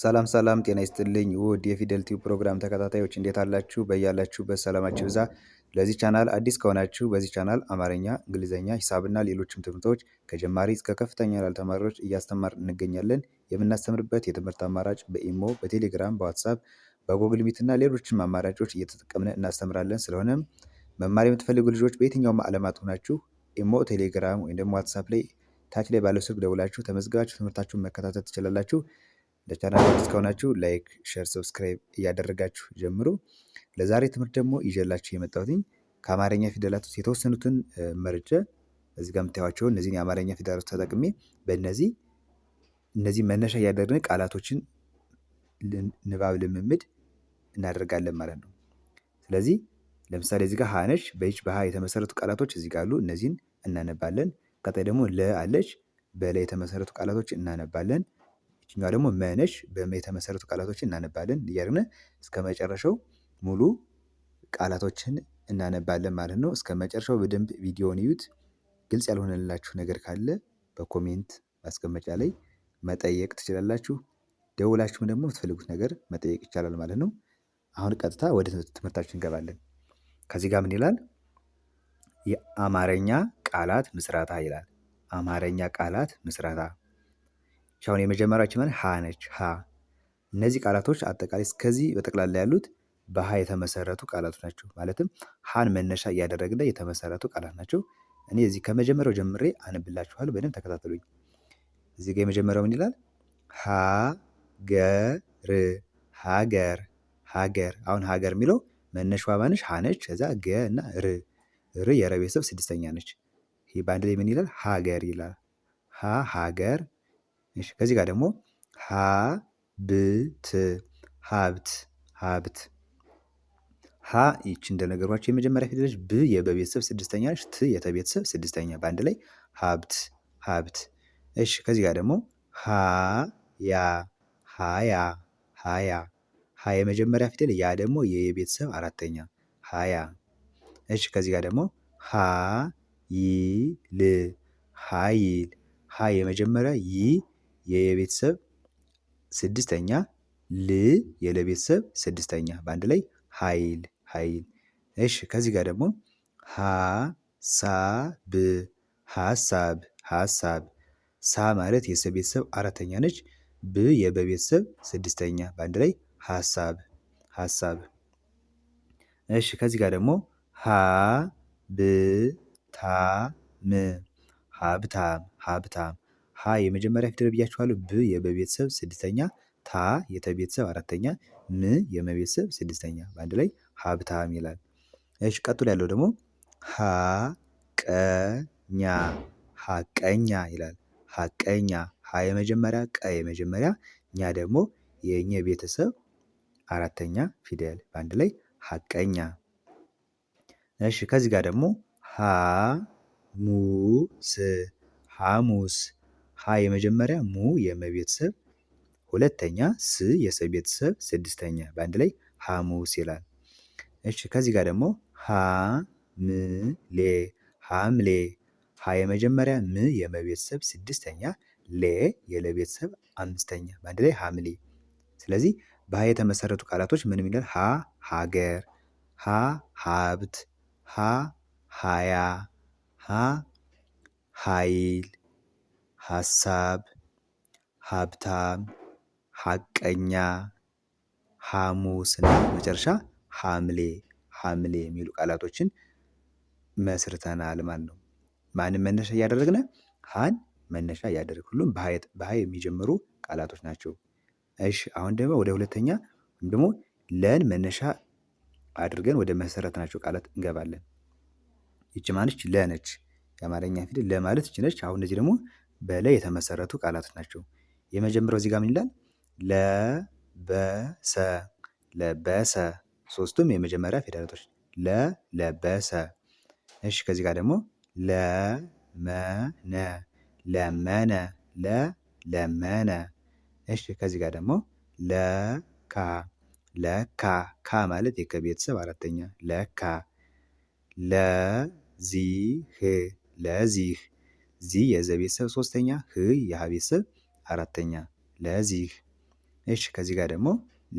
ሰላም ሰላም ጤና ይስጥልኝ ውድ የፊደል ቲዩብ ፕሮግራም ተከታታዮች እንዴት አላችሁ? በያላችሁበት ሰላማችሁ ብዛ። ለዚህ ቻናል አዲስ ከሆናችሁ በዚህ ቻናል አማርኛ፣ እንግሊዝኛ፣ ሂሳብና ሌሎችም ትምህርቶች ከጀማሪ እስከ ከፍተኛ ላልተማሪዎች እያስተማር እንገኛለን። የምናስተምርበት የትምህርት አማራጭ በኢሞ፣ በቴሌግራም፣ በዋትሳፕ፣ በጎግል ሚት እና ሌሎችም አማራጮች እየተጠቀምን እናስተምራለን። ስለሆነም መማር የምትፈልጉ ልጆች በየትኛውም ዓለማት ሆናችሁ ኢሞ፣ ቴሌግራም ወይም ደግሞ ዋትሳፕ ላይ ታች ላይ ባለው ስልክ ደውላችሁ ተመዝግባችሁ ትምህርታችሁን መከታተል ትችላላችሁ። ለቻናል አዲስ ላይክ፣ ሼር፣ ሰብስክራይብ እያደረጋችሁ ጀምሩ። ለዛሬ ትምህርት ደግሞ ይዤላችሁ የመጣሁትኝ ከአማርኛ ፊደላት ውስጥ የተወሰኑትን መርጬ እዚህ ጋር የምታዩቸው እነዚህን የአማርኛ ፊደላት ተጠቅሜ በእነዚህ እነዚህ መነሻ እያደረግን ቃላቶችን ንባብ ልምምድ እናደርጋለን ማለት ነው። ስለዚህ ለምሳሌ እዚህ ጋር ሀነች በይች በሀ የተመሰረቱ ቃላቶች እዚህ ጋር አሉ። እነዚህን እናነባለን። ቀጣይ ደግሞ ለ አለች በላይ የተመሰረቱ ቃላቶች እናነባለን። ይችኛዋ ደግሞ መነሽ የተመሰረቱ ቃላቶችን እናነባለን እያደረግን እስከ መጨረሻው ሙሉ ቃላቶችን እናነባለን ማለት ነው። እስከ መጨረሻው በደንብ ቪዲዮውን እዩት። ግልጽ ያልሆነላችሁ ነገር ካለ በኮሜንት ማስቀመጫ ላይ መጠየቅ ትችላላችሁ። ደውላችሁም ደግሞ የምትፈልጉት ነገር መጠየቅ ይቻላል ማለት ነው። አሁን ቀጥታ ወደ ትምህርታችን እንገባለን። ከዚህ ጋር ምን ይላል? የአማርኛ ቃላት ምስረታ ይላል። አማርኛ ቃላት ምስረታ አሁን የመጀመሪያችን ምን ሀ ነች ሀ። እነዚህ ቃላቶች አጠቃላይ እስከዚህ በጠቅላላ ያሉት በሀ የተመሰረቱ ቃላቶች ናቸው። ማለትም ሀን መነሻ እያደረግን የተመሰረቱ ቃላት ናቸው። እኔ እዚህ ከመጀመሪያው ጀምሬ አንብላችኋል። በደንብ ተከታተሉኝ። እዚህ ጋር የመጀመሪያው ምን ይላል? ሀገር ሀገር ሀገር። አሁን ሀገር የሚለው መነሻዋ ማነች? ሀ ነች። ከዛ ገ እና ር ር የረ ቤተሰብ ስድስተኛ ነች። ይህ በአንድ ላይ ምን ይላል? ሀገር ይላል። ሀ ሀገር እሺ ከዚህ ጋር ደግሞ ሀብት ሀብት ሀብት ሀ ይች እንደነገርኳቸው የመጀመሪያ ፊደሎች ብ የበቤተሰብ ስድስተኛ ነች። ት የተቤተሰብ ስድስተኛ በአንድ ላይ ሀብት ሀብት። እሺ ከዚህ ጋር ደግሞ ሀያ ሀያ ሀያ ሀ የመጀመሪያ ፊደል ያ ደግሞ የቤተሰብ አራተኛ ሀያ። እሺ ከዚህ ጋር ደግሞ ሀይል ሀይል ሀ የመጀመሪያ ይ የየቤተሰብ ስድስተኛ ል የለቤተሰብ ስድስተኛ በአንድ ላይ ሀይል ሀይል። እሺ ከዚህ ጋር ደግሞ ሀ ሳ ብ ሀሳብ ሀሳብ ሳ ማለት የሰ ቤተሰብ አራተኛ ነች። ብ የበቤተሰብ ስድስተኛ በአንድ ላይ ሀሳብ ሀሳብ። እሺ ከዚህ ጋር ደግሞ ሀ ብ ታ ም ሀብታም ሀብታም ሀ የመጀመሪያ ፊደል ብያችኋለሁ። ብ የበቤተሰብ ስድስተኛ፣ ታ የተቤተሰብ አራተኛ፣ ም የመቤተሰብ ስድስተኛ። በአንድ ላይ ሀብታም ይላል። እሺ ቀጥሎ ያለው ደግሞ ቀኛ ሀቀኛ ይላል። ሀቀኛ ሀ የመጀመሪያ ቀ የመጀመሪያ ኛ ደግሞ የኛ ቤተሰብ አራተኛ ፊደል በአንድ ላይ ሀቀኛ። እሺ ከዚህ ጋር ደግሞ ሐሙስ ሐሙስ ሀ የመጀመሪያ ሙ የመቤተሰብ ሁለተኛ ስ የሰ ቤተሰብ ስድስተኛ በአንድ ላይ ሐሙስ ይላል። እሺ ከዚህ ጋር ደግሞ ሐምሌ ሐምሌ ሀ የመጀመሪያ ም የመቤተሰብ ስድስተኛ ሌ የለቤተሰብ አምስተኛ በአንድ ላይ ሐምሌ። ስለዚህ በሀ የተመሰረቱ ቃላቶች ምን የሚላል? ሀ ሀገር፣ ሀ ሀብት፣ ሀ ሀያ፣ ሀ ሀይል ሀሳብ ሀብታም ሀቀኛ ሀሙስ እና መጨረሻ ሀምሌ ሀምሌ የሚሉ ቃላቶችን መስርተናል ማለት ነው። ማንን መነሻ እያደረግነ ሀን መነሻ እያደረግ ሁሉም በሀ የሚጀምሩ ቃላቶች ናቸው። እሺ አሁን ደግሞ ወደ ሁለተኛ ወይም ደግሞ ለን መነሻ አድርገን ወደ መሰረት ናቸው ቃላት እንገባለን። ይች ማነች? ለነች። የአማርኛ ፊደል ለማለት ማለት አሁን እነዚህ ደግሞ በላይ የተመሰረቱ ቃላት ናቸው። የመጀመሪያው እዚህ ጋር ምን ይላል? ለበሰ ለበሰ ሶስቱም የመጀመሪያ ፊደላቶች ለ ለበሰ። እሺ ከዚህ ጋር ደግሞ ለመነ ለመነ ለ ለመነ። እሺ ከዚህ ጋር ደግሞ ለካ ለካ ካ ማለት የከቤተሰብ አራተኛ ለካ ለዚህ ለዚህ ዚ የዘ ቤተሰብ ሶስተኛ፣ ህ የሀ ቤተሰብ አራተኛ። ለዚህ። እሺ ከዚህ ጋር ደግሞ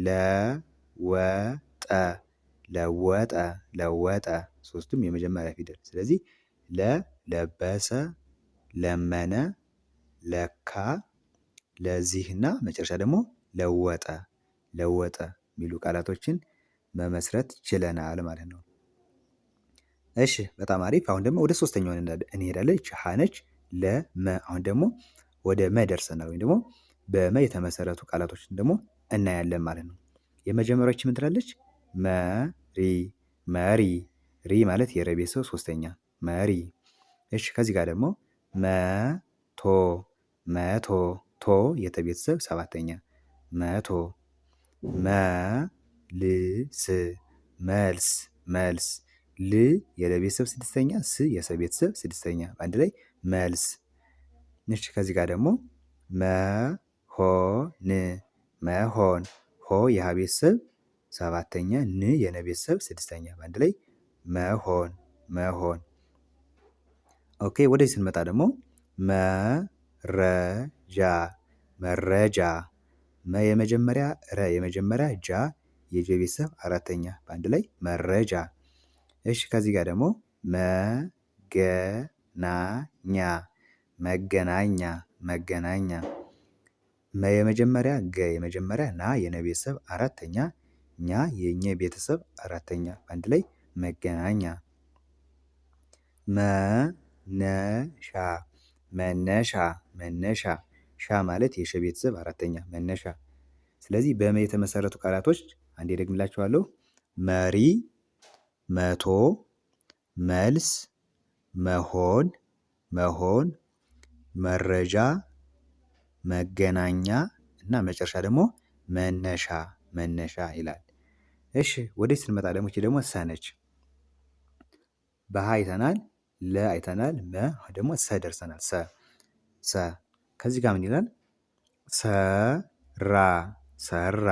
ለወጠ ለወጠ ለወጠ ሶስቱም የመጀመሪያ ፊደል። ስለዚህ ለ ለበሰ፣ ለመነ፣ ለካ፣ ለዚህና መጨረሻ ደግሞ ለወጠ ለወጠ የሚሉ ቃላቶችን መመስረት ችለናል ማለት ነው። እሺ በጣም አሪፍ። አሁን ደግሞ ወደ ሶስተኛውን እንሄዳለን። ሀነች ነች። ለመ አሁን ደግሞ ወደ መ ደርሰናል ወይም ደግሞ በመ የተመሰረቱ ቃላቶችን ደግሞ እናያለን ማለት ነው። የመጀመሪያዎች ምን ትላለች? መሪ መሪ ሪ ማለት የረ ቤተሰብ ሶስተኛ መሪ። እሺ ከዚህ ጋር ደግሞ መቶ መቶ ቶ የተቤተሰብ ሰባተኛ መቶ መልስ መልስ መልስ ል የለ ስድስተኛ ስ የሰ ስድስተኛ በአንድ ላይ መልስ። እሺ ከዚህ ጋር ደግሞ መሆን መሆን ሆ የሀ ቤተሰብ ሰባተኛ ን የነ ቤተሰብ ስድስተኛ በአንድ ላይ መሆን መሆን። ኦኬ ወደዚህ ስንመጣ ደግሞ መረጃ መረጃ መ የመጀመሪያ ረ የመጀመሪያ ጃ የጀ ቤተሰብ አራተኛ በአንድ ላይ መረጃ። እሺ ከዚህ ጋር ደግሞ መገ ናኛ መገናኛ መገናኛ የመጀመሪያ ገ የመጀመሪያ ና የነ ቤተሰብ አራተኛ ኛ የኘ ቤተሰብ አራተኛ በአንድ ላይ መገናኛ። መነሻ መነሻ መነሻ ሻ ማለት የሸ ቤተሰብ አራተኛ መነሻ። ስለዚህ በመ የተመሰረቱ ቃላቶች አንዴ ደግምላችኋለሁ። መሪ መቶ መልስ መሆን መሆን መረጃ መገናኛ እና መጨረሻ ደግሞ መነሻ መነሻ ይላል። እሺ ወዴት ስንመጣ ደግሞ ይቺ ደግሞ ሰነች ነች። በሃ አይተናል ለ አይተናል መ ደግሞ ሰ ደርሰናል። ሰ ሰ ከዚህ ጋር ምን ይላል? ሰራ ሰራ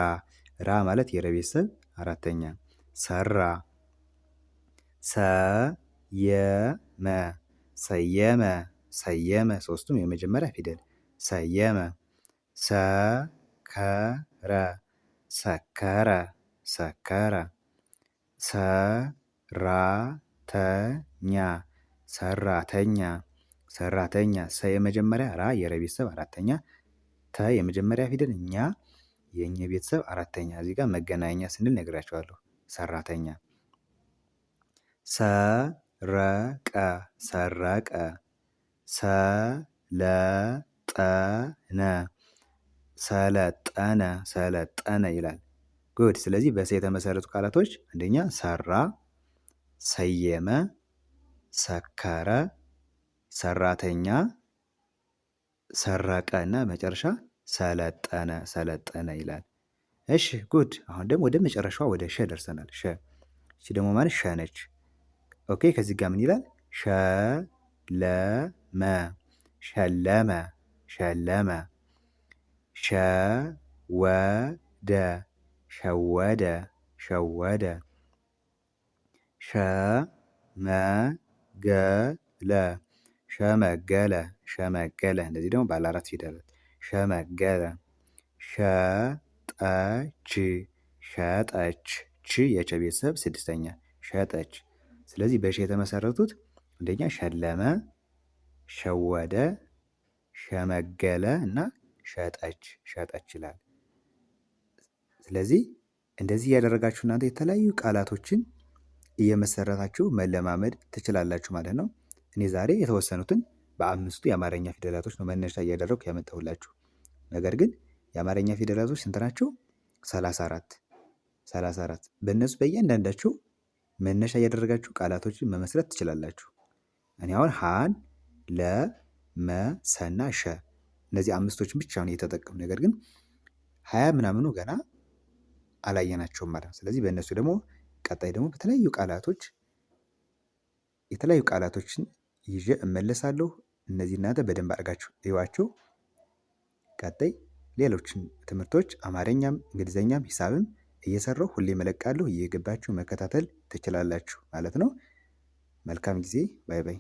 ራ ማለት የረቤተሰብ አራተኛ ሰራ ሰ የ መ ሰየመ ሰየመ ሶስቱም የመጀመሪያ ፊደል ሰየመ ሰከረ ሰከረ ሰከረ ሰራተኛ ሰራተኛ ሰራተኛ ሰ የመጀመሪያ ራ የረ ቤተሰብ አራተኛ ተ የመጀመሪያ ፊደል እኛ የእኛ ቤተሰብ አራተኛ እዚህ ጋር መገናኛ ስንል ነግራቸዋለሁ ሰራተኛ ሰ ረቀ ሰረቀ ሰለጠነ ሰለጠነ ሰለጠነ ይላል። ጉድ። ስለዚህ በሰ የተመሰረቱ ቃላቶች አንደኛ ሰራ፣ ሰየመ፣ ሰከረ፣ ሰራተኛ፣ ሰረቀ እና መጨረሻ ሰለጠነ ሰለጠነ ይላል። እሺ ጉድ። አሁን ደግሞ ወደ መጨረሻዋ ወደ ሸ ደርሰናል። ሸ እሺ፣ ደግሞ ማለት ሸ ነች። ኦኬ ከዚህ ጋር ምን ይላል? ሸለመ ሸለመ ሸለመ ሸወደ ሸወደ ሸወደ ሸመገለ ሸመገለ ሸመገለ እንደዚህ ደግሞ ባለ አራት ፊደላት ሸመገለ ሸጠች ሸጠች ች የቸ ቤተሰብ ስድስተኛ ሸጠች ስለዚህ በሸ የተመሰረቱት አንደኛ ሸለመ፣ ሸወደ፣ ሸመገለ እና ሸጠች ሸጠች ይላል። ስለዚህ እንደዚህ እያደረጋችሁ እናንተ የተለያዩ ቃላቶችን እየመሰረታችሁ መለማመድ ትችላላችሁ ማለት ነው። እኔ ዛሬ የተወሰኑትን በአምስቱ የአማርኛ ፊደላቶች ነው መነሻ እያደረጉ ያመጣሁላችሁ። ነገር ግን የአማርኛ ፊደላቶች ስንት ናቸው? ሰላሳ አራት ሰላሳ አራት በእነሱ በእያንዳንዳችሁ መነሻ እያደረጋችሁ ቃላቶችን መመስረት ትችላላችሁ። እኔ አሁን ሀን ለ መ ሸ እነዚህ አምስቶችን ብቻ ነው የተጠቀሙ። ነገር ግን ሀያ ምናምኑ ገና አላየናቸውም ማለት ነው። ስለዚህ በእነሱ ደግሞ ቀጣይ ደግሞ በተለያዩ ቃላቶች የተለያዩ ቃላቶችን ይዤ እመለሳለሁ። እነዚህ እናንተ በደንብ አድርጋችሁ እዩዋቸው። ቀጣይ ሌሎችን ትምህርቶች አማርኛም እንግሊዝኛም ሂሳብም እየሰራሁ ሁሌ መለቃለሁ። እየገባችሁ መከታተል ትችላላችሁ ማለት ነው። መልካም ጊዜ። ባይ ባይ።